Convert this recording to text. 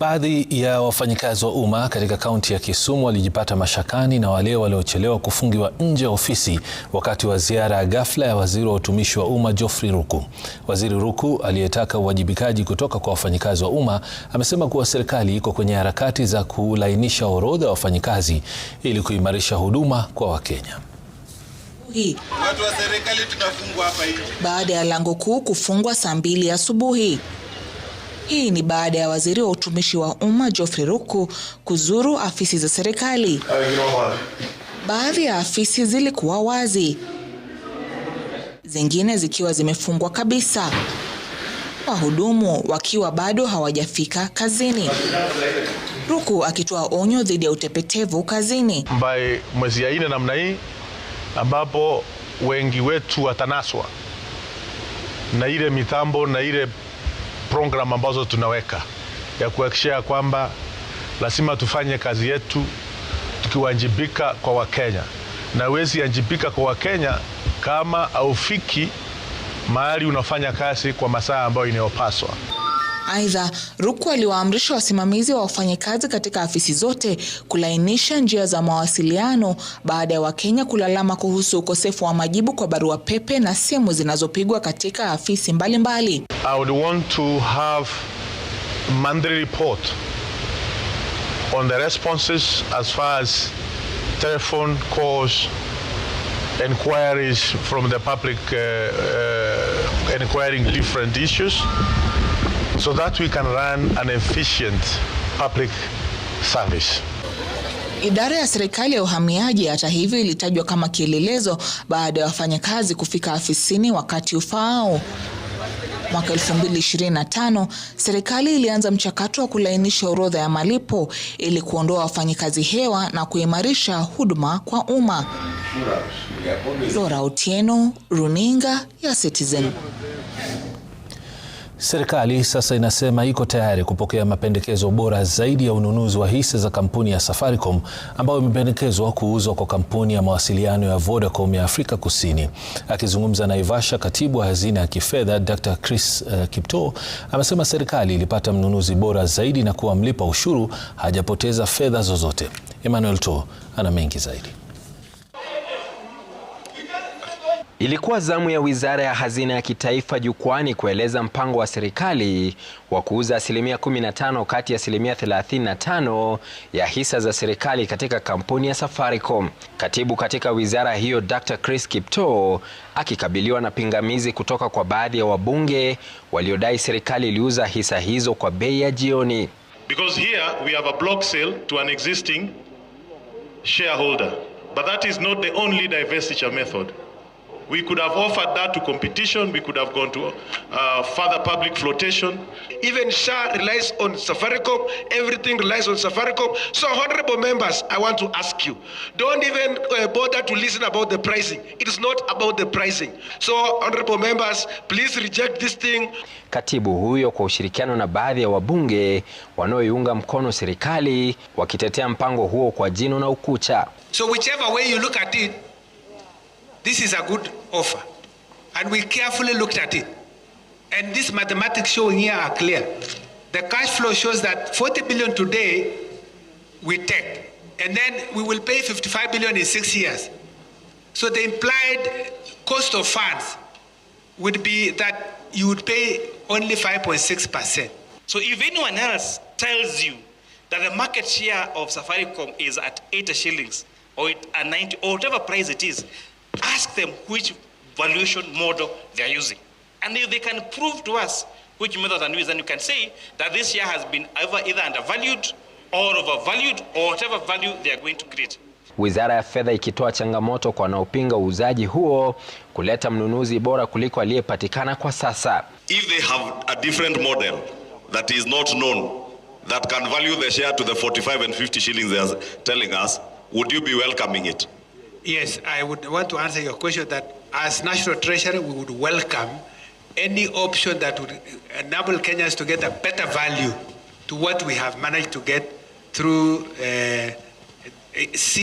Baadhi ya wafanyikazi wa umma katika kaunti ya Kisumu walijipata mashakani na wale waliochelewa kufungiwa nje ya ofisi wakati wa ziara ya ghafla ya waziri wa utumishi wa umma Geoffrey Ruku. Waziri Ruku aliyetaka uwajibikaji kutoka kwa wafanyikazi wa umma amesema kuwa serikali iko kwenye harakati za kulainisha orodha ya wafanyikazi ili kuimarisha huduma kwa Wakenya. Watu wa serikali hapa hivi. Baada ya lango kuu kufungwa saa mbili asubuhi hii ni baada ya waziri wa utumishi wa umma Geoffrey Ruku kuzuru afisi za serikali. Baadhi ya afisi zilikuwa wazi, zingine zikiwa zimefungwa kabisa, wahudumu wakiwa bado hawajafika kazini. Ruku akitoa onyo dhidi ya utepetevu kazini Mbaye mwezi ya nne namna hii ambapo wengi wetu watanaswa na ile mitambo na ile program ambazo tunaweka ya kuhakikisha kwamba lazima tufanye kazi yetu tukiwajibika kwa Wakenya, na wezi anjibika kwa Wakenya kama haufiki mahali unafanya kazi kwa masaa ambayo inayopaswa. Aidha, Ruku aliwaamrisha wasimamizi wa wafanyakazi katika afisi zote kulainisha njia za mawasiliano baada ya Wakenya kulalama kuhusu ukosefu wa majibu kwa barua pepe na simu zinazopigwa katika afisi mbalimbali inquiries from the public uh, uh, inquiring different issues so that we can run an efficient public service. Idara ya serikali ya uhamiaji hata hivyo ilitajwa kama kielelezo baada ya wafanyakazi kufika afisini wakati ufaao. Mwaka 2025 serikali ilianza mchakato wa kulainisha orodha ya malipo ili kuondoa wafanyikazi hewa na kuimarisha huduma kwa umma. Dora Otieno, Runinga ya Citizen. Serikali sasa inasema iko tayari kupokea mapendekezo bora zaidi ya ununuzi wa hisa za kampuni ya Safaricom ambayo imependekezwa kuuzwa kwa kampuni ya mawasiliano ya Vodacom ya Afrika Kusini. Akizungumza na ivasha katibu wa hazina ya kifedha Dr. Chris uh, Kipto amesema serikali ilipata mnunuzi bora zaidi na kuwa mlipa ushuru hajapoteza fedha zozote. Emmanuel To ana mengi zaidi. Ilikuwa zamu ya Wizara ya Hazina ya Kitaifa jukwani kueleza mpango wa serikali wa kuuza asilimia 15 kati ya asilimia 35 ya hisa za serikali katika kampuni ya Safaricom. Katibu katika wizara hiyo Dr. Chris kipto akikabiliwa na pingamizi kutoka kwa baadhi ya wabunge waliodai serikali iliuza hisa hizo kwa bei ya jioni. Because here we have a block sale to an existing shareholder. But that is not the only divestiture method. We could have offered that to competition. We could have gone to uh, further public flotation. Even SHA relies on Safaricom. Everything relies on Safaricom. So, honorable members, I want to ask you, don't even uh, bother to listen about the pricing. It is not about the pricing. So, honorable members, please reject this thing. Katibu huyo kwa ushirikiano na baadhi ya wabunge wanaoiunga mkono serikali wakitetea mpango huo kwa jino na ukucha. So whichever way you look at it, This is a good offer. And we carefully looked at it. And these mathematics showing here are clear. The cash flow shows that 40 billion today we take, and then we will pay 55 billion in six years. So the implied cost of funds would be that you would pay only 5.6%. So if anyone else tells you that the market share of Safaricom is at 80 shillings or at 90 or whatever price it is, ask them which valuation model they are using. And if they can prove to us which method and use, then you can say that this year has been either undervalued or overvalued or whatever value they are going to create. Wizara ya Fedha ikitoa changamoto kwa wanaopinga uuzaji huo kuleta mnunuzi bora kuliko aliyepatikana kwa sasa. If they have a different model that is not known that can value the share to the 45 and 50 shillings they are telling us, would you be welcoming it? Yes, I would want to answer your question that as National Treasury, we would welcome any option that would enable Kenyans to get a better value to what we have managed to get through uh,